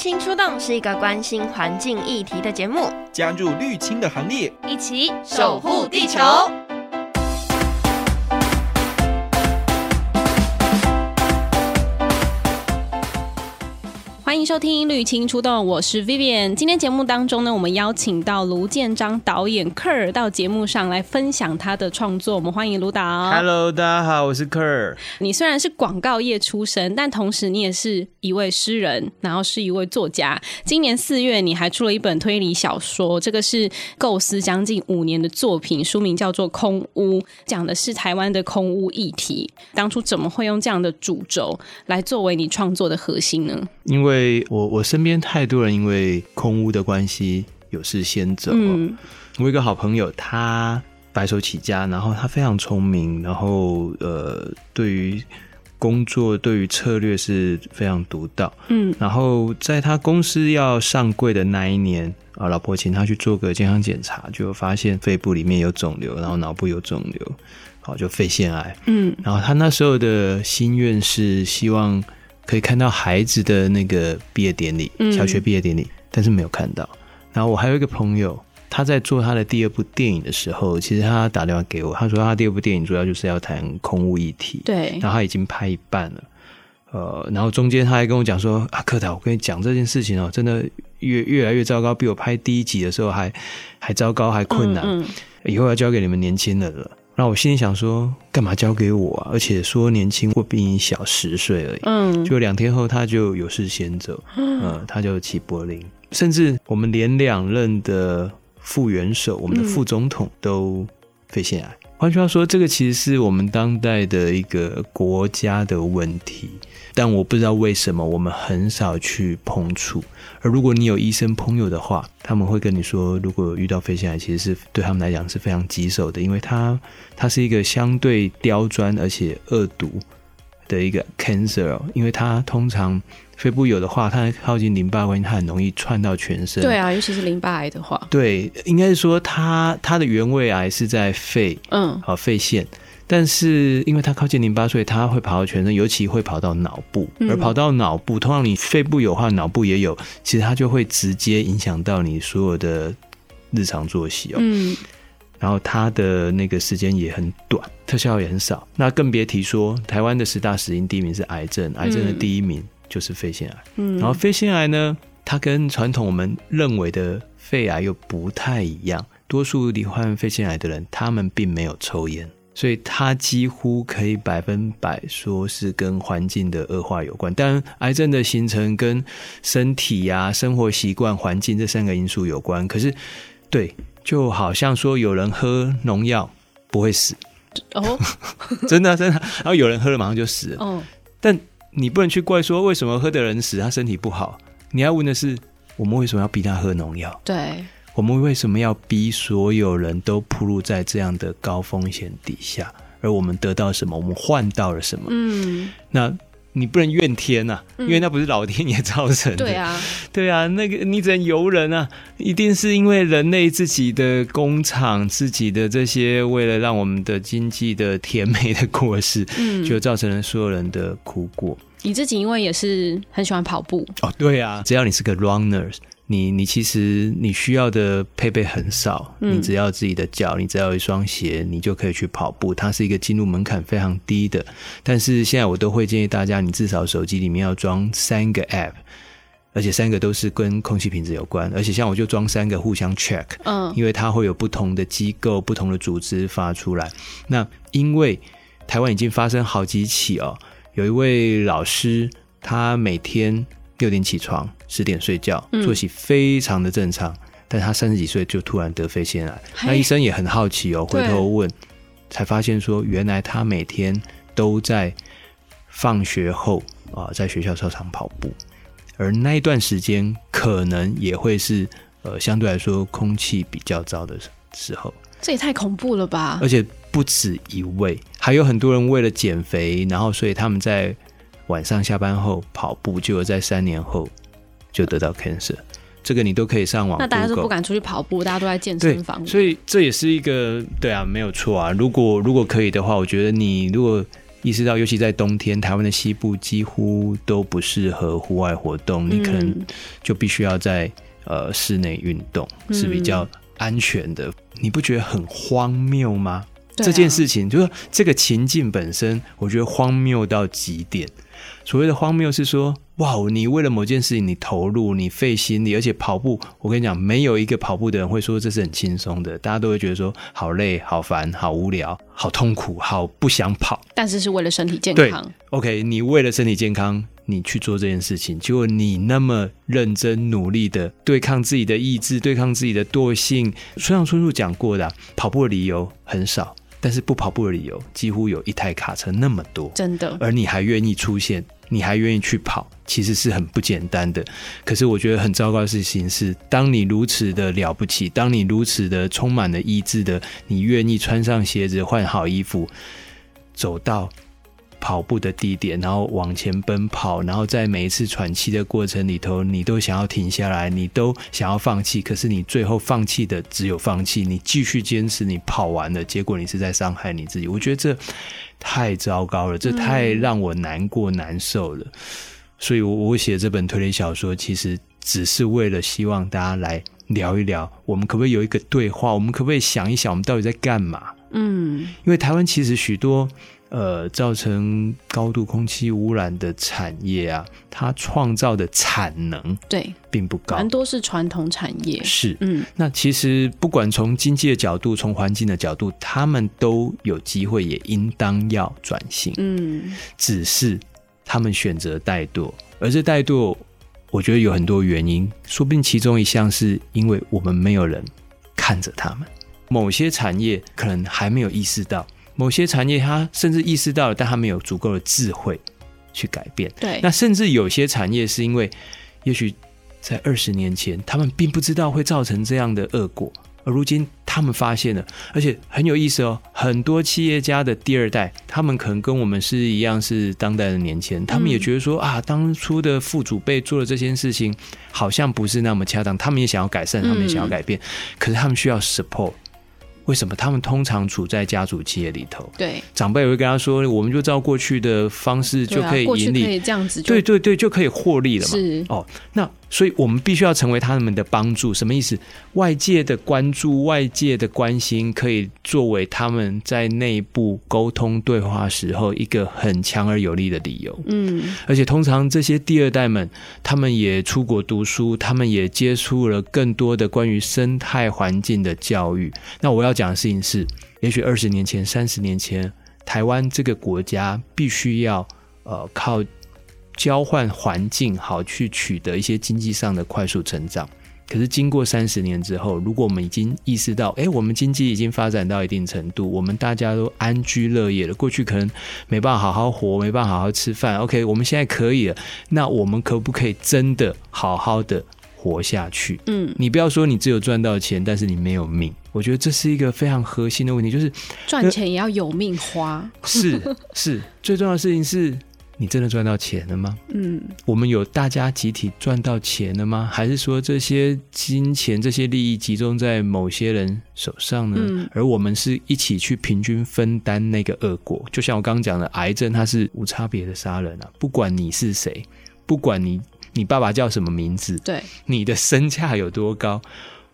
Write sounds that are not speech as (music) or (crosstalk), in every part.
綠青出動是一個關心環境議題的節目，加入綠青的行列，一起守護地球。歡迎收聽《綠青出動》，我是 Vivian。今天節目當中呢，我們邀請到盧建彰導演 Kurt 到節目上來分享他的創作。我們歡迎盧導。Hello，大家好，我是 Kurt。你雖然是廣告業出身，但同時你也是一位詩人，然後是一位作家。今年四月，你還出了一本推理小說，這個是構思將近五年的作品，書名叫做《空烏》，講的是台灣的空污議題。當初怎麼會用這樣的主軸來作為你創作的核心呢？因為.我我身邊太多人因為空污的關係有事先走了，嗯。我有一個好朋友，他白手起家，然後他非常聰明，然後呃，對於工作、對於策略是非常獨到。嗯，然後在他公司要上櫃的那一年啊，老婆請他去做個健康檢查，就發現肺部裡面有腫瘤，然後腦部有腫瘤，好，就肺腺癌。嗯，然後他那時候的心願是希望。可以看到孩子的那個畢業典禮，小學畢業典禮、嗯，但是沒有看到。然後我還有一個朋友，他在做他的第二部電影的時候，其實他打電話給我，他說他第二部電影主要就是要談空無一體空污議題。對。然後他已經拍一半了，呃，然後中間他還跟我講說啊，柯導，我跟你講這件事情哦，真的越越來越糟糕，比我拍第一集的時候還還糟糕還困難，嗯嗯，以後要交給你們年輕人了。那我心裡想說，幹嘛交給我啊？而且說年輕，我比你小十歲而已。嗯，就兩天後，他就有事先走。嗯，他就齊柏林，甚至我們連兩任的副元首，我們的副總統、嗯、都肺腺癌。換句話說，這個其實是我們當代的一個國家的問題，但我不知道為什麼我們很少去碰觸。而如果你有醫生朋友的話，他們會跟你說，如果遇到肺腺癌，其實是對他們來講是非常棘手的，因為它它是一個相對刁鑽而且惡毒的一個 cancer，因為它通常肺部有的話，它靠近淋巴的原因，它很容易串到全身。對啊，尤其是淋巴癌的話，對，應該是說它它的原位癌是在肺，嗯，好肺腺，但是因為它靠近淋巴，所以它會跑到全身，尤其會跑到腦部、嗯，而跑到腦部，通常你肺部有的話，腦部也有，其實它就會直接影響到你所有的日常作息哦。嗯然後它的那個時間也很短，特效也很少，那更別提說台灣的十大死因第一名是癌症，癌症的第一名就是肺腺癌，嗯。嗯，然後肺腺癌呢，它跟傳統我們認為的肺癌又不太一樣，多數罹患肺腺癌的人，他們並沒有抽煙，所以它幾乎可以百分百說是跟環境的惡化有關。但癌症的形成跟身體呀、啊、生活習慣、環境這三個因素有關。可是，對。就好像說，有人喝農藥不會死，哦， (laughs) 真的真的。然後有人喝了馬上就死了。嗯、哦，但你不能去怪說為什麼喝的人死，他身體不好。你要問的是，我們為什麼要逼他喝農藥？對，我們為什麼要逼所有人都暴露在這樣的高風險底下？而我們得到什麼？我們換到了什麼？嗯，那。你不能怨天吶、啊嗯，因為那不是老天爺造成的。對啊，對啊，那個你只能尤人啊，一定是因為人類自己的工廠、自己的這些，為了讓我們的經濟的甜美的果實、嗯，就造成了所有人的苦果。你自己因為也是很喜歡跑步哦，對啊，只要你是個 runner。你你其實你需要的配備很少，你只要自己的腳，你只要有一雙鞋，你就可以去跑步。它是一個進入門檻非常低的，但是現在我都會建議大家，你至少手機裡面要裝三個 app，而且三個都是跟空氣品質有關。而且像我就裝三個互相 check，嗯，因為它會有不同的機構、不同的組織發出來。那因為台灣已經發生好幾起哦、喔，有一位老師，他每天。六點起床，十點睡覺、嗯，作息非常的正常。但他三十幾歲就突然得肺腺癌，那醫生也很好奇哦、喔，回頭問才發現說，原來他每天都在放學後啊、呃，在學校操場跑步，而那一段時間可能也會是呃，相對來說空氣比較糟的時候。這也太恐怖了吧！而且不止一位，還有很多人為了減肥，然後所以他們在。晚上下班後跑步，就在三年後就得到 cancer。這個你都可以上網。那大家都不敢出去跑步，大家都在健身房。對，所以這也是一個，對啊，沒有錯啊。如果如果可以的話，我覺得你如果意識到，尤其在冬天，台灣的西部幾乎都不適合戶外活動，你可能就必須要在、嗯、呃室內運動是比較安全的。嗯、你不覺得很荒謬嗎、啊？這件事情就是這個情境本身，我覺得荒謬到極點。所謂的荒謬是說，哇，你為了某件事情你投入，你費心力，而且跑步，我跟你講，沒有一個跑步的人會說這是很輕鬆的，大家都會覺得說好累，好煩，好無聊，好痛苦，好不想跑。但是是為了身體健康。對。OK，你為了身體健康，你去做這件事情，結果你那麼認真努力的對抗自己的意志，對抗自己的惰性。村上春樹講過的，啊，跑步的理由很少。但是不跑步的理由幾乎有一台卡車那麼多，真的。而你還願意出現，你還願意去跑，其實是很不簡單的。可是我覺得很糟糕的事情是，當你如此的了不起，當你如此的充滿了意志的，你願意穿上鞋子，換好衣服，走到跑步的地點，然後往前奔跑，然後在每一次喘氣的過程裡頭，你都想要停下來，你都想要放棄，可是你最後放棄的只有放棄。你繼續堅持，你跑完了，結果你是在傷害你自己。我覺得這太糟糕了，這太讓我難過難受了。嗯，所以我，我我寫這本推理小說，其實只是為了希望大家來聊一聊，我們可不可以有一個對話？我們可不可以想一想，我們到底在幹嘛？嗯，因為台灣其實許多。呃，造成高度空氣污染的產業啊，它創造的產能對並不高，蠻多是傳統產業。是，嗯，那其實不管從經濟的角度，從環境的角度，他們都有機會，也應當要轉型。嗯，只是他們選擇怠惰，而這怠惰，我覺得有很多原因，說不定其中一項是因為我們沒有人看着他們，某些產業可能還沒有意識到。某些產業，他甚至意識到了，但他沒有足夠的智慧去改變。對，那甚至有些產業是因為，也許在二十年前，他們並不知道會造成這樣的惡果，而如今他們發現了。而且很有意思哦，很多企業家的第二代，他們可能跟我們是一樣，是當代的年輕人，他們也覺得說啊，當初的父祖輩做的這件事情好像不是那麼恰當，他們也想要改善，他們也想要改變，可是他們需要 support。為什麼他們通常處在家族企業裡頭？對，長輩也會跟他說：“我們就照過去的方式，就可以盈利，對啊，過去可以這樣子就，對對對，就可以獲利了嘛。”哦，那。所以我們必須要成為他們的幫助，什麼意思？外界的關注、外界的關心，可以作為他們在內部溝通對話時候一個很強而有力的理由。嗯，而且通常這些第二代們，他們也出國讀書，他們也接觸了更多的關於生態環境的教育。那我要講的事情是，也許二十年前、三十年前，台灣這個國家必須要呃靠。交換環境好去取得一些經濟上的快速成長，可是經過三十年之後，如果我們已經意識到，哎、欸，我們經濟已經發展到一定程度，我們大家都安居樂業了。過去可能沒辦法好好活，沒辦法好好吃飯。OK，我們現在可以了。那我們可不可以真的好好的活下去？嗯，你不要說你只有賺到錢，但是你沒有命。我覺得這是一個非常核心的問題，就是賺錢也要有命花。呃、是是，最重要的事情是，你真的賺到錢了嗎？嗯，我們有大家集體賺到錢了嗎？還是說這些金錢、這些利益集中在某些人手上呢？嗯，而我們是一起去平均分擔那個惡果，就像我剛剛講的，癌症它是無差別的殺人啊，不管你是誰，不管你你爸爸叫什麼名字，對，你的身價有多高。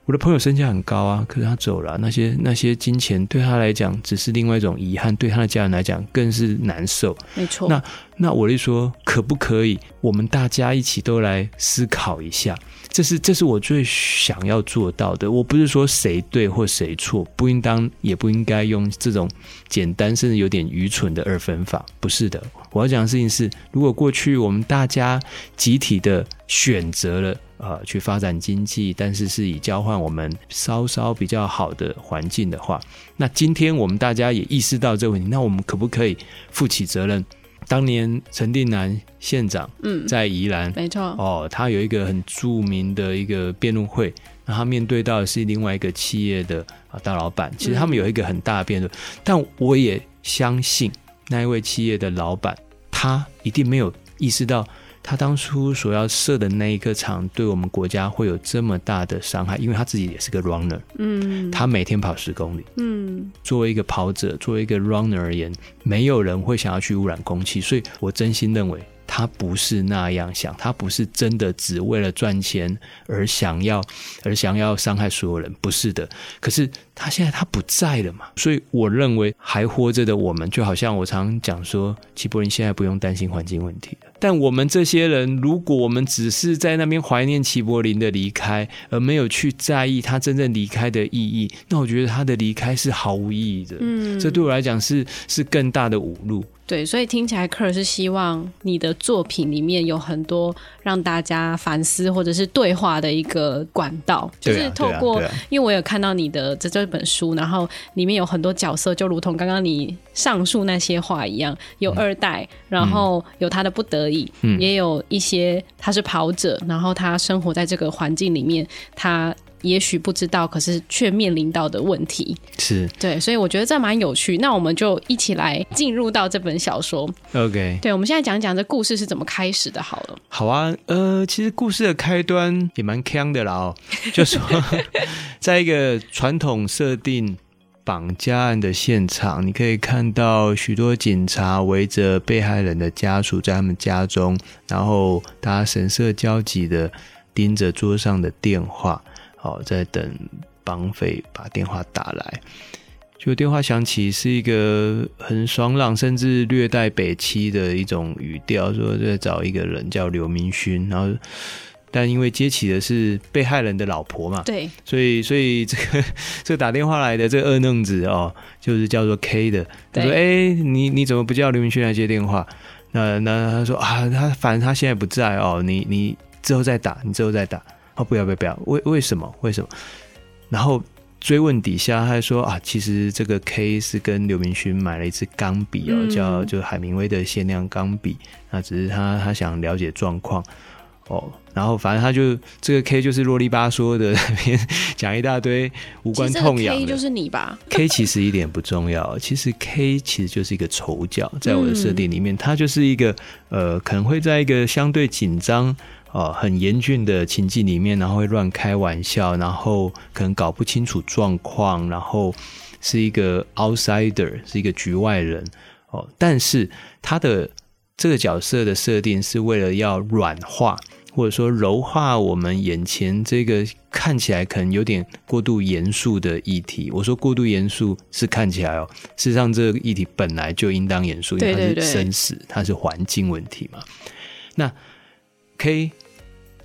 我的朋友身價很高啊，可是他走了啊，那些那些金錢對他來講只是另外一種遺憾，對他的家人來講更是難受。沒錯。那那我就說，可不可以我們大家一起都來思考一下？這是這是我最想要做到的。我不是說誰對或誰錯，不應當也不應該用這種簡單甚至有點愚蠢的二分法。不是的，我要講的事情是，如果過去我們大家集體的選擇了。呃，去發展經濟，但是是以交換我們稍稍比較好的環境的話，那今天我們大家也意識到這個問題，那我們可不可以負起責任？當年陳定南縣長嗯在宜蘭、嗯、沒錯哦，他有一個很著名的一個辯論會，那他面對到的是另外一個企業的啊大老闆，其實他們有一個很大的辯論，嗯，但我也相信那一位企業的老闆，他一定沒有意識到，他當初所要設的那一個廠對我們國家會有這麼大的傷害。因為他自己也是個 runner，嗯，他每天跑十公里，嗯，作為一個跑者，作為一個 runner 而言，沒有人會想要去污染空氣，所以我真心認為。他不是那樣想，他不是真的只為了賺錢而想要，而想要傷害所有人，不是的。可是他現在他不在了嘛，所以我認為還活着的我們，就好像我常講說，齊柏林現在不用擔心環境問題了。但我們這些人，如果我們只是在那邊懷念齊柏林的離開，而沒有去在意他真正離開的意義，那我覺得他的離開是毫無意義的。嗯，這對我來講是是更大的侮辱。對，所以聽起來 k 爾是希望你的作品裡面有很多讓大家反思，或者是對話的一個管道，啊、就是透過、啊啊，因為我有看到你的這這本書，然後裡面有很多角色，就如同剛剛你上述那些話一樣，有二代，嗯、然後有他的不得已、嗯，也有一些他是跑者，然後他生活在這個環境裡面，他。也許不知道，可是卻面臨到的問題是對，所以我覺得這蠻有趣。那我們就一起來進入到這本小說。OK，對，我們現在講講這故事是怎麼開始的。好了，好啊，呃，其實故事的開端也蠻嗆的啦，喔。就說 (laughs) 在一個傳統設定綁架案的現場，你可以看到許多警察圍着被害人的家屬在他們家中，然後大家神色焦急的盯着桌上的電話。哦，在等綁匪把電話打來，就電話響起，是一個很爽朗，甚至略帶北氣的一種語調，說在找一個人叫劉明勳。然後，但因為接起的是被害人的老婆嘛，對，所以所以這個這個打電話來的這二愣子哦，就是叫做 K 的，他說：“哎、欸，你你怎麼不叫劉明勳來接電話？”那那他說：“啊，他反正他現在不在哦，你你之後再打，你之後再打。”哦，不要不要不要！為為什麼為什麼？然後追問底下他還，他說啊，其實這個 K 是跟劉明勳買了一支鋼筆哦，叫就海明威的限量鋼筆、嗯。那只是他他想了解狀況哦。然後反正他就這個 K 就是囉里吧嗦的講 (laughs) 一大堆無關痛癢。其實 K 就是你吧 (laughs) ？K 其實一點不重要。其實 K 其實就是一個丑角，在我的設定裡面，他、嗯、就是一個呃可能會在一個相對緊張。呃、哦，很嚴峻的情境裡面，然後會亂開玩笑，然後可能搞不清楚狀況，然後是一個 outsider，是一個局外人哦。但是他的這個角色的設定是為了要軟化，或者說柔化我們眼前這個看起來可能有點過度嚴肅的議題。我說過度嚴肅是看起來哦，事實上這個議題本來就應當嚴肅，因為它是生死，它是環境問題嘛。那 K。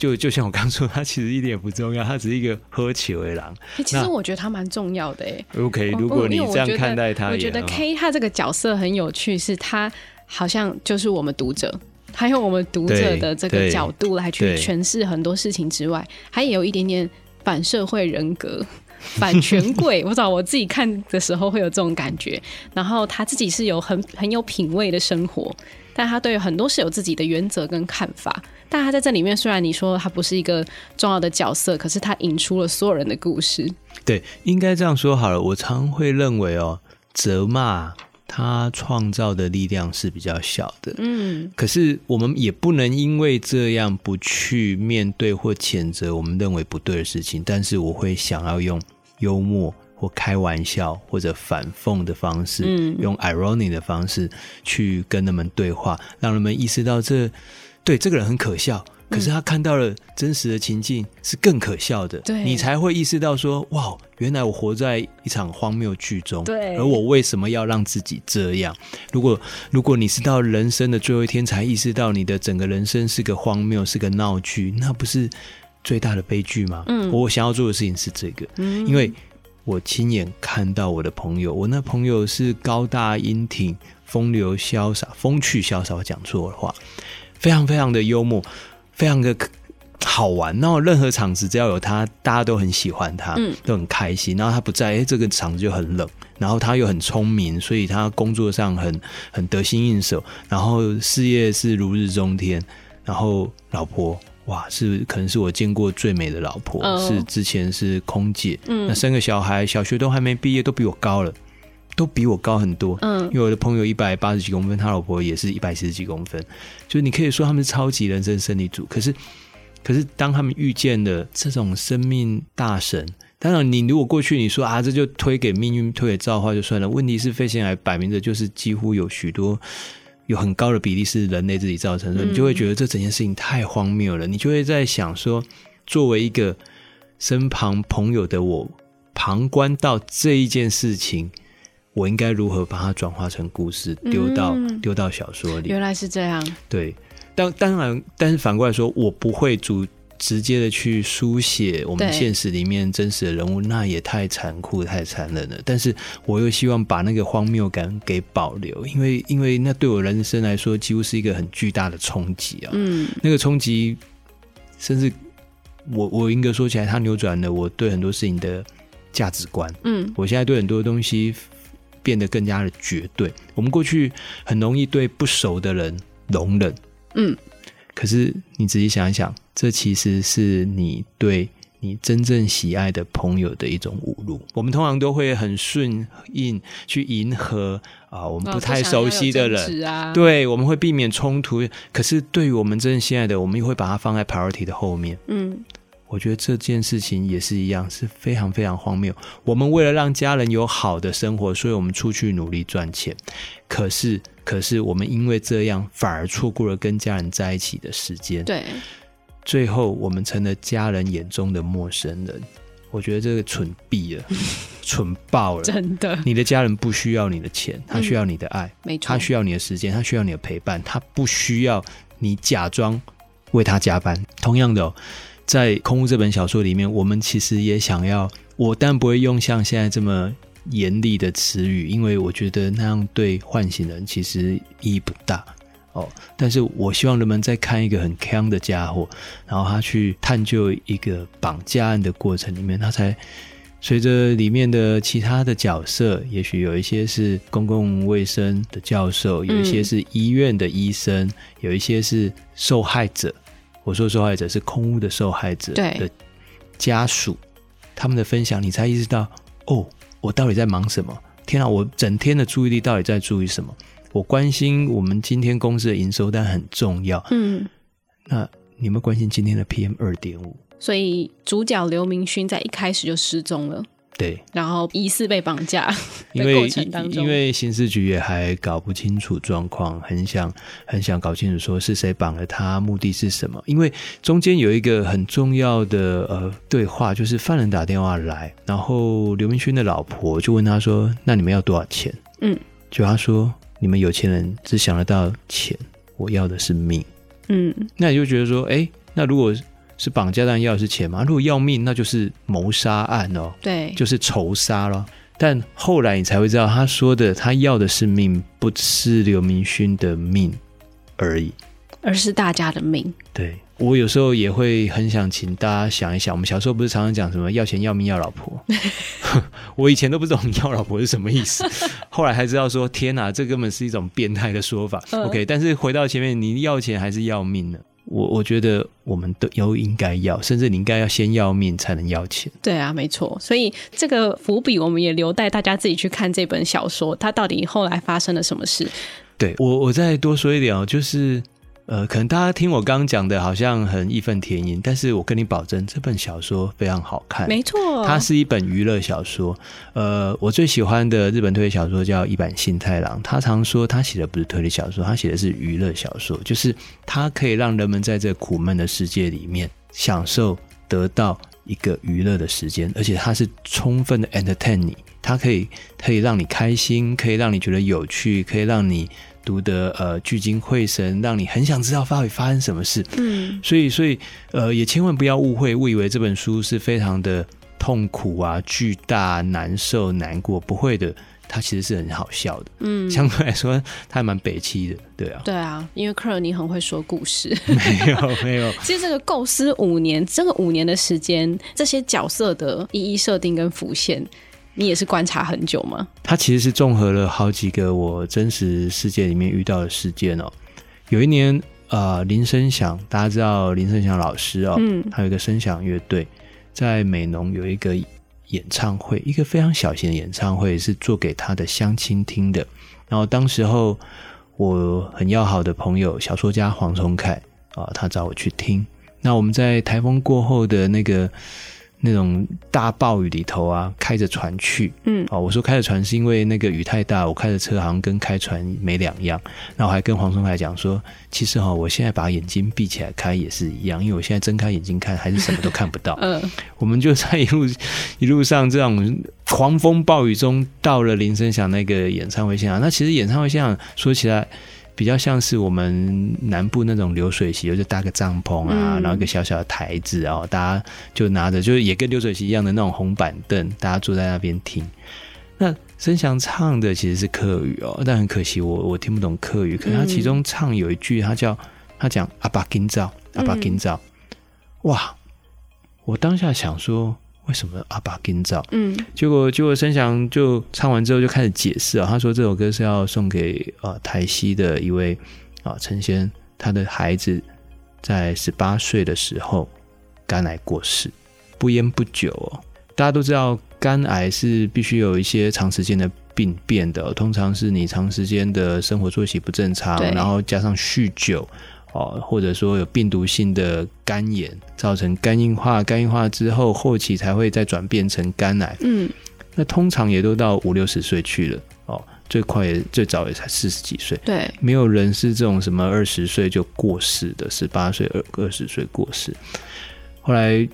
就就像我剛說，他其實一點也不重要，他只是一個喝酒的狼。其實我覺得他蠻重要的、欸、OK，如果你這樣看待他，我覺得 K 他這個角色很有趣，是他好像就是我們讀者，他用我們讀者的這個角度來去詮釋很多事情之外，他也有一點點反社會人格、反權貴。 (laughs) 我找我自己看的時候會有這種感覺。然後他自己是有很很有品味的生活，但他對很多事有自己的原則跟看法。但他在這裡面，雖然你說他不是一個重要的角色，可是他引出了所有人的故事。對，應該這樣說好了。我常會認為哦、喔，責罵他創造的力量是比較小的。嗯，可是我們也不能因為這樣不去面對或譴責我們認為不對的事情。但是我會想要用幽默或開玩笑或者反諷的方式，嗯、用 irony 的方式去跟他們對話，讓他們意識到這。對這個人很可笑，可是他看到了真實的情境是更可笑的。對、嗯，你才會意識到說，哇，原來我活在一場荒謬劇中。對，而我為什麼要讓自己這樣？如果如果你是到人生的最後一天才意識到你的整個人生是個荒謬，是個鬧劇，那不是最大的悲劇嗎？嗯，我想要做的事情是這個。嗯，因為我親眼看到我的朋友，我那朋友是高大英挺、風流瀟灑、風趣瀟灑，我講錯了話。非常非常的幽默，非常的好玩。然後任何場子只要有他，大家都很喜歡他，嗯，都很開心。然後他不在，誒，這個場子就很冷。然後他又很聰明，所以他工作上很很得心應手。然後事業是如日中天。然後老婆，哇，是可能是我見過最美的老婆，哦，是之前是空姐，嗯，那生個小孩，小學都還沒畢業，都比我高了。都比我高很多，嗯，因為我的朋友一百八十幾公分，他老婆也是一百七十幾公分，就是你可以說他們是超級人生生理組，可是，可是當他們遇見了這種生命大神，當然你如果過去你說啊，這就推給命運，推給造化就算了。問題是，肺腺癌擺明着就是幾乎有許多有很高的比例是人類自己造成的，你就會覺得這整件事情太荒謬了，嗯，你就會在想說，作為一個身旁朋友的我，旁觀到這一件事情。我應該如何把它轉化成故事，丟到、嗯、丟到小說裡？原來是這樣。對，當當然，但是反過來說，我不會主直接的去書寫我們現實裡面真實的人物，那也太殘酷、太殘忍了。但是我又希望把那個荒謬感給保留，因為因為那對我人生來說，幾乎是一個很巨大的衝擊啊。嗯，那個衝擊，甚至我我應該說起來，它扭轉了我對很多事情的價值觀。嗯，我現在對很多東西。變得更加的絕對。我們過去很容易對不熟的人容忍，嗯，可是你仔細想一想，這其實是你對你真正喜愛的朋友的一種侮辱。我們通常都會很順應去迎合啊、呃，我們不太熟悉的人，哦啊、對，我們會避免衝突。可是對於我們真心愛的，我們又會把它放在 priority 的後面，嗯。我覺得這件事情也是一樣，是非常非常荒謬。我們為了讓家人有好的生活，所以我們出去努力賺錢。可是，可是我們因為這樣，反而錯過了跟家人在一起的時間。對，最後我們成了家人眼中的陌生人。我覺得這個蠢斃了， (laughs) 蠢爆了！真的，你的家人不需要你的錢，他需要你的愛、嗯，沒錯，他需要你的時間，他需要你的陪伴，他不需要你假裝為他加班。同樣的、哦。在《空烏》這本小說裡面，我們其實也想要我，但不會用像現在這麼嚴厲的詞語，因為我覺得那樣對喚醒人其實意義不大哦。但是我希望人們在看一個很康的家伙，然後他去探究一個綁架案的過程裡面，他才隨着裡面的其他的角色，也許有一些是公共衛生的教授，嗯、有一些是醫院的醫生，有一些是受害者。我說受害者是空污的受害者的家屬對，他們的分享，你才意識到哦，我到底在忙什麼？天啊，我整天的注意力到底在注意什麼？我關心我們今天公司的營收，但很重要。嗯，那你有沒有關心今天的 PM 二點五？所以主角劉明勳在一開始就失蹤了。對，然後疑似被綁架，因為因為刑事局也還搞不清楚狀況，很想很想搞清楚說是誰綁了他，目的是什麼。因為中間有一個很重要的呃對話，就是犯人打電話來，然後劉明勳的老婆就問他說：“那你們要多少錢？”嗯，就他說：“你們有錢人只想得到錢，我要的是命。”嗯，那你就覺得說：“哎，那如果……”是綁架，但要的是錢嗎？如果要命，那就是謀殺案哦。對，就是仇殺咯。但後來你才會知道，他說的他要的是命，不是劉明勳的命而已，而是大家的命。對，我有時候也會很想請大家想一想，我們小時候不是常常講什麼要錢、要命、要老婆？ (laughs) (laughs) 我以前都不知道你要老婆是什麼意思，後來才知道說，天哪、啊，這根本是一種變態的說法、呃。OK，但是回到前面，你要錢還是要命呢？我我覺得我們都都應該要，甚至你應該要先要命才能要錢。對啊，沒錯。所以這個伏筆我們也留待大家自己去看這本小說，它到底後來發生了什麼事。對，我，我再多說一點啊，就是。呃，可能大家聽我剛剛講的，好像很義憤填膺，但是我跟你保證，這本小說非常好看，沒錯，哦，它是一本娛樂小說。呃，我最喜歡的日本推理小說叫伊坂幸太郎，他常說他寫的不是推理小說，他寫的是娛樂小說，就是他可以讓人們在這苦悶的世界裡面享受，得到一個娛樂的時間，而且它是充分的 entertain 你，它可以可以讓你開心，可以讓你覺得有趣，可以讓你。讀得呃聚精會神，讓你很想知道發會發生什麼事。嗯，所以所以呃，也千萬不要誤會誤以為這本書是非常的痛苦啊、巨大、啊、難受、難過。不會的，它其實是很好笑的。嗯，相對來說，它還蠻北七的。對啊，對啊，因為克爾，你很會說故事。 (laughs) 沒有沒有，其實這個構思五年，這個五年的時間，這些角色的一一設定跟浮現。你也是觀察很久嗎？他其實是綜合了好幾個我真實世界裡面遇到的事件哦。有一年啊、呃，林生祥，大家知道林生祥老師哦，嗯，他有一個生祥樂隊，在美濃有一個演唱會，一個非常小型的演唱會，是做給他的鄉親聽的。然後當時候，我很要好的朋友，小說家黃崇凱啊、呃，他找我去聽。那我們在台風過後的那個。那種大暴雨裡頭啊，開着船去，嗯，哦，我說開着船是因為那個雨太大，我開着車好像跟開船沒兩樣。然後還跟黃松海講說，其實哈、哦，我現在把眼睛閉起來開也是一樣，因為我現在睜開眼睛看還是什麼都看不到。嗯， (laughs) 我們就在一路一路上這種狂風暴雨中到了林聲響那個演唱會現場。那其實演唱會現場說起來。比較像是我們南部那種流水席，就搭、是、個帳篷啊，然後一個小小的台子啊、哦嗯，大家就拿着，就是也跟流水席一樣的那種紅板凳，大家坐在那邊聽。那生祥唱的其實是客語哦，但很可惜我我聽不懂客語。可是他其中唱有一句，他叫他講阿巴金造阿巴金造，哇！我當下想說。為什麼阿、啊、爸跟造？嗯，結果結果，生祥就唱完之後就開始解釋啊、喔。他說這首歌是要送給啊、呃、台西的一位啊陳先，他的孩子在十八歲的時候肝癌過世，不菸不酒、喔。大家都知道，肝癌是必須有一些長時間的病變的、喔，通常是你長時間的生活作息不正常，然後加上酗酒。哦，或者說有病毒性的肝炎，造成肝硬化，肝硬化之後後期才會再轉變成肝癌。嗯，那通常也都到五六十歲去了，哦，最快也，最早也才四十幾歲。對，沒有人是這種什麼二十歲就過世的，十八歲、二二十歲過世。後來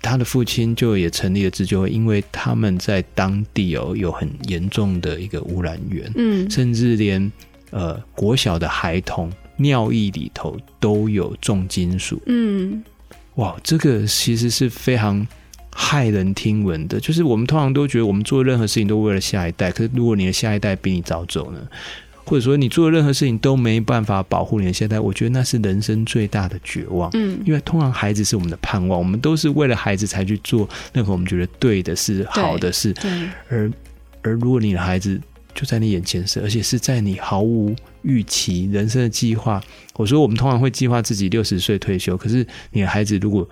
他的父親就也成立了自救會，因為他們在當地哦有很嚴重的一個污染源，嗯，甚至連呃國小的孩童。尿液裡頭都有重金屬。嗯，哇，這個其實是非常駭人聽聞的。就是我們通常都覺得我們做任何事情都為了下一代，可是如果你的下一代比你早走呢，或者說你做任何事情都沒辦法保護你的下一代，我覺得那是人生最大的絕望。嗯，因為通常孩子是我們的盼望，我們都是為了孩子才去做任何我們覺得對的事好的事。對，對而而如果你的孩子就在你眼前是而且是在你毫無。預期人生的計劃，我說我們通常會計劃自己六十歲退休，可是你的孩子如果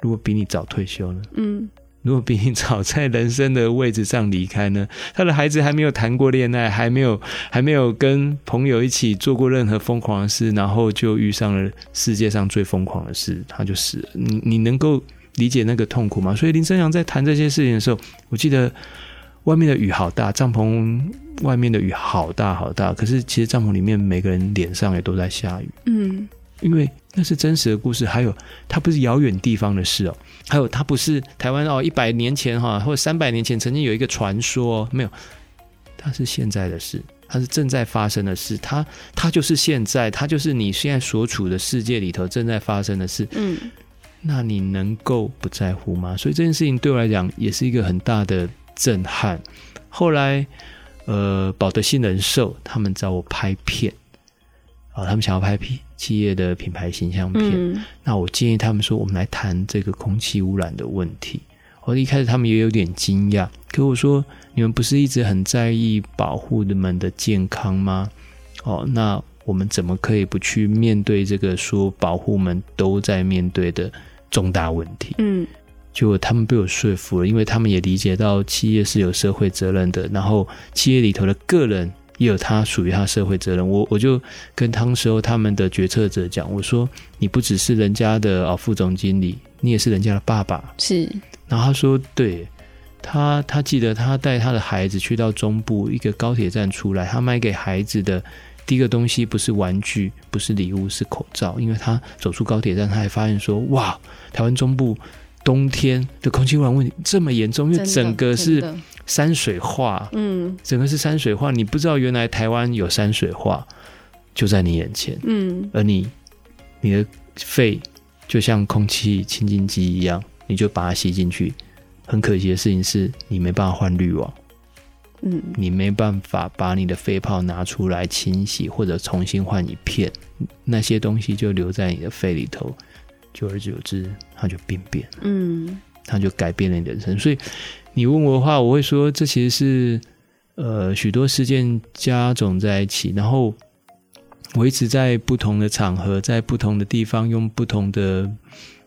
如果比你早退休呢？嗯，如果比你早在人生的位置上離開呢？他的孩子還沒有談過戀愛，還沒有還沒有跟朋友一起做過任何瘋狂的事，然後就遇上了世界上最瘋狂的事，他就死了。你你能夠理解那個痛苦嗎？所以林生祥在談這些事情的時候，我記得外面的雨好大，帳篷。外面的雨好大好大，可是其實帳篷裡面每個人臉上也都在下雨。嗯，因為那是真實的故事，還有它不是遙遠地方的事哦，還有它不是台灣哦，一百年前哈，或者三百年前曾經有一個傳說哦，沒有，它是現在的事，它是正在發生的事，它它就是現在，它就是你現在所處的世界裡頭正在發生的事。嗯，那你能夠不在乎嗎？所以這件事情對我來講也是一個很大的震撼。後來。呃，保德信人壽他們找我拍片，啊、哦，他們想要拍企業的品牌形象片。嗯、那我建議他們說，我們來談這個空氣污染的問題。我、哦、一開始他們也有點驚訝，可我說，你們不是一直很在意保護人們的健康嗎？哦，那我們怎麼可以不去面對這個說保護人們都在面對的重大問題？嗯。就他們被我說服了，因為他們也理解到企業是有社會責任的，然後企業裡頭的個人也有他屬於他的社會責任。我我就跟湯師傅他們的決策者講，我說你不只是人家的啊副總經理，你也是人家的爸爸。是，然後他說，對他他記得他帶他的孩子去到中部一個高鐵站出來，他賣給孩子的第一個東西不是玩具，不是禮物，是口罩，因為他走出高鐵站，他還發現說，哇，台灣中部。冬天的空氣污染問題這麼嚴重，因為整個是山水畫，嗯，整個是山水畫，嗯，你不知道原來台灣有山水畫就在你眼前，嗯，而你你的肺就像空氣清淨機一樣，你就把它吸進去。很可惜的事情是，你沒辦法換濾網，嗯，你沒辦法把你的肺泡拿出來清洗或者重新換一片，那些東西就留在你的肺裡頭。久而久之，它就病變了。嗯，它就改變了你的人生。所以你問我的話，我會說，這其實是呃許多事件加總在一起，然後我一直在不同的場合，在不同的地方，用不同的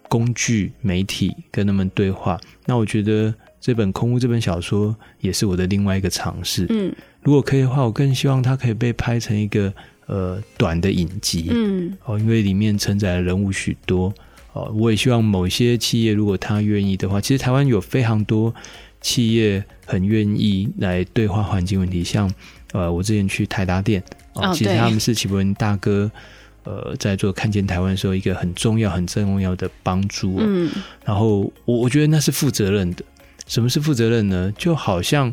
工具、媒體跟他們對話。那我覺得這本《空烏》這本小說也是我的另外一個嘗試。嗯，如果可以的話，我更希望它可以被拍成一個呃短的影集。嗯，哦，因為裡面承載的人物許多。哦、我也希望某些企業，如果他願意的話，其實台灣有非常多企業很願意來對話環境問題。像呃，我之前去台達電、哦哦，其實他們是齊柏林大哥，呃，在做看見台灣的時候一個很重要、很重要的幫助，啊。嗯，然後我我覺得那是負責任的。什麼是負責任呢？就好像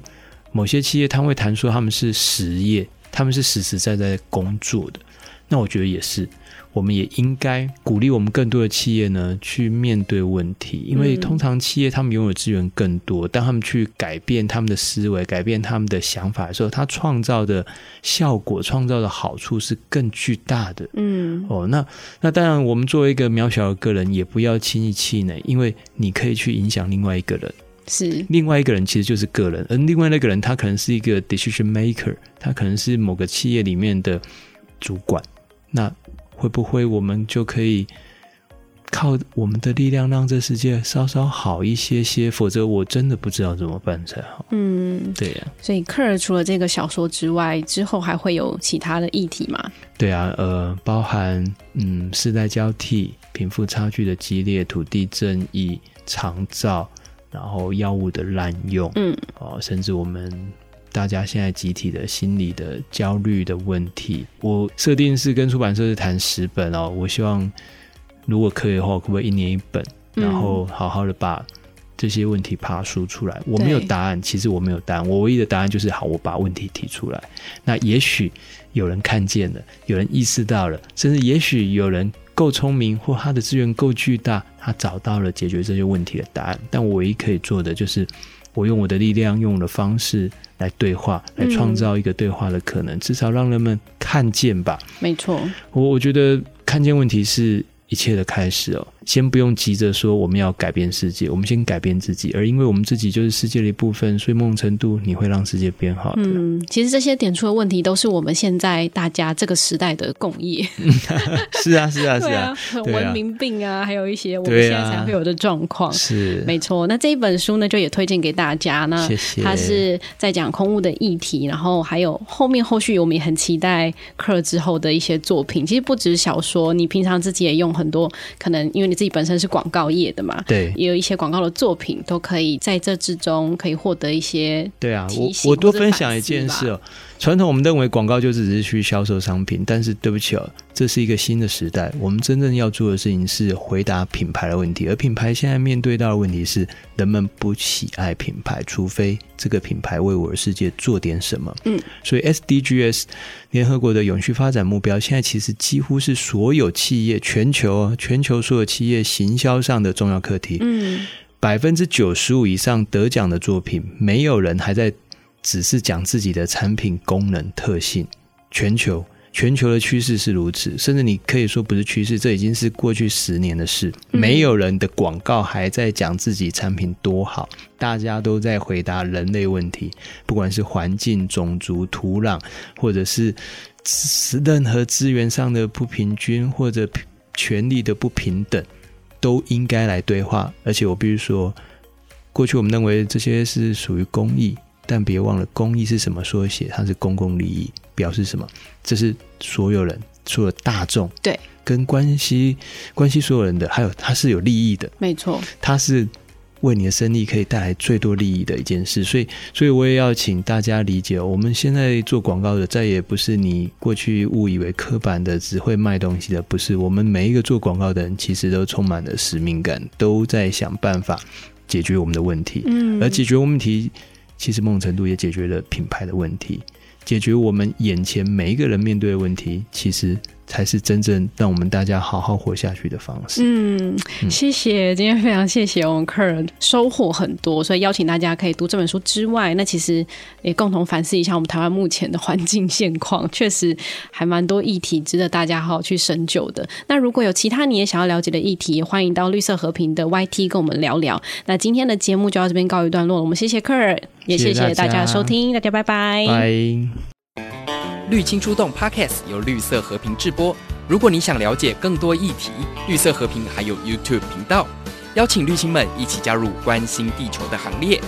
某些企業，他會談說他們是實業，他們是實實在在在工作的，那我覺得也是。我們也應該鼓勵我們更多的企業呢，去面對問題，因為通常企業他們擁有資源更多，當、嗯、他們去改變他們的思維、改變他們的想法的時候，他創造的效果、創造的好處是更巨大的。嗯，哦、oh，那那當然，我們作為一個渺小的個人，也不要輕易氣餒，因為你可以去影響另外一個人，是另外一個人，其實就是個人，而另外那個人他可能是一個 decision maker，他可能是某個企業裡面的主管，那。會不會我們就可以靠我們的力量讓這世界稍稍好一些些？否則我真的不知道怎麼辦才好。嗯，對呀、啊。所以克爾除了這個小說之外，之後還會有其他的議題嗎？對啊，呃，包含嗯，世代交替、貧富差距的激烈、土地正義、長照，然後藥物的濫用，嗯，哦，甚至我們。大家現在集體的心理的焦慮的問題，我設定是跟出版社是談十本哦。我希望如果可以的話，可不可以一年一本，然後好好的把這些問題爬梳出來。我沒有答案，其實我沒有答案，我唯一的答案就是好，我把問題提出來。那也許有人看見了，有人意識到了，甚至也許有人夠聰明，或他的資源夠巨大，他找到了解決這些問題的答案。但我唯一可以做的就是，我用我的力量，用我的方式。來對話，來創造一個對話的可能，嗯，至少讓人們看見吧。沒錯，我我覺得看見問題是一切的開始哦。先不用急着說我們要改變世界，我們先改變自己，而因為我們自己就是世界的一部分，所以某種程度你會讓世界變好的。嗯，其實這些點出的問題都是我們現在大家這個時代的共業。 (laughs) 是啊，是啊，是啊， (laughs) 啊文明病啊，啊，還有一些我們現在才會有的狀況。啊、是，沒錯。那這一本書呢，就也推薦給大家。那，謝謝。它是在講空烏的議題，謝謝，然後還有後面後續，我們也很期待 Kurt 之後的一些作品。其實不止小說，你平常自己也用很多，可能因為你。自己本身是廣告業的嘛，對，也有一些廣告的作品都可以在這之中可以獲得一些提醒。對啊，我我多分享一件事。傳統我們認為廣告就只是去銷售商品，但是對不起哦，這是一個新的時代。我們真正要做的事情是回答品牌的問題，而品牌現在面對到的問題是，人們不喜愛品牌，除非這個品牌為我的世界做點什麼。嗯，所以 SDGs 聯合國的永續發展目標，現在其實幾乎是所有企業全球全球所有企業行銷上的重要課題。嗯，百分之九十五以上得獎的作品，沒有人還在。只是講自己的產品功能特性。全球全球的趨勢是如此，甚至你可以說不是趨勢，這已經是過去十年的事，嗯。沒有人的廣告還在講自己產品多好，大家都在回答人類問題，不管是環境、種族、土壤，或者是任何資源上的不平均或者權力的不平等，都應該來對話。而且我必須說，過去我們認為這些是屬於公益。但別忘了，公益是什麼縮寫？它是公共利益，表示什麼？這是所有人，除了大眾，對，跟關係關係所有人的，還有它是有利益的，沒錯，它是為你的生意可以帶來最多利益的一件事。所以，所以我也要請大家理解，我們現在做廣告的，再也不是你過去誤以為刻板的只會賣東西的，不是，我們每一個做廣告的人，其實都充滿了使命感，都在想辦法解決我們的問題，嗯，而解決問題。其實某種程度也解決了品牌的問題，解決我們眼前每一個人面對的問題。其實。才是真正讓我們大家好好活下去的方式。嗯，嗯，謝謝，今天非常謝謝我們 Kurt，收穫很多，所以邀請大家可以讀這本書之外，那其實也共同反思一下我們台灣目前的環境現況，確實還蠻多議題值得大家好好去深究的。那如果有其他你也想要了解的議題，也歡迎到綠色和平的 YT 跟我們聊聊。那今天的節目就到這邊告一段落了，我們謝謝 Kurt，也謝謝大家，謝謝大家收聽，大家拜拜。Bye 綠青出動，Podcast 由綠色和平製播。如果你想了解更多議題，綠色和平還有 YouTube 頻道，邀請綠青們一起加入關心地球的行列。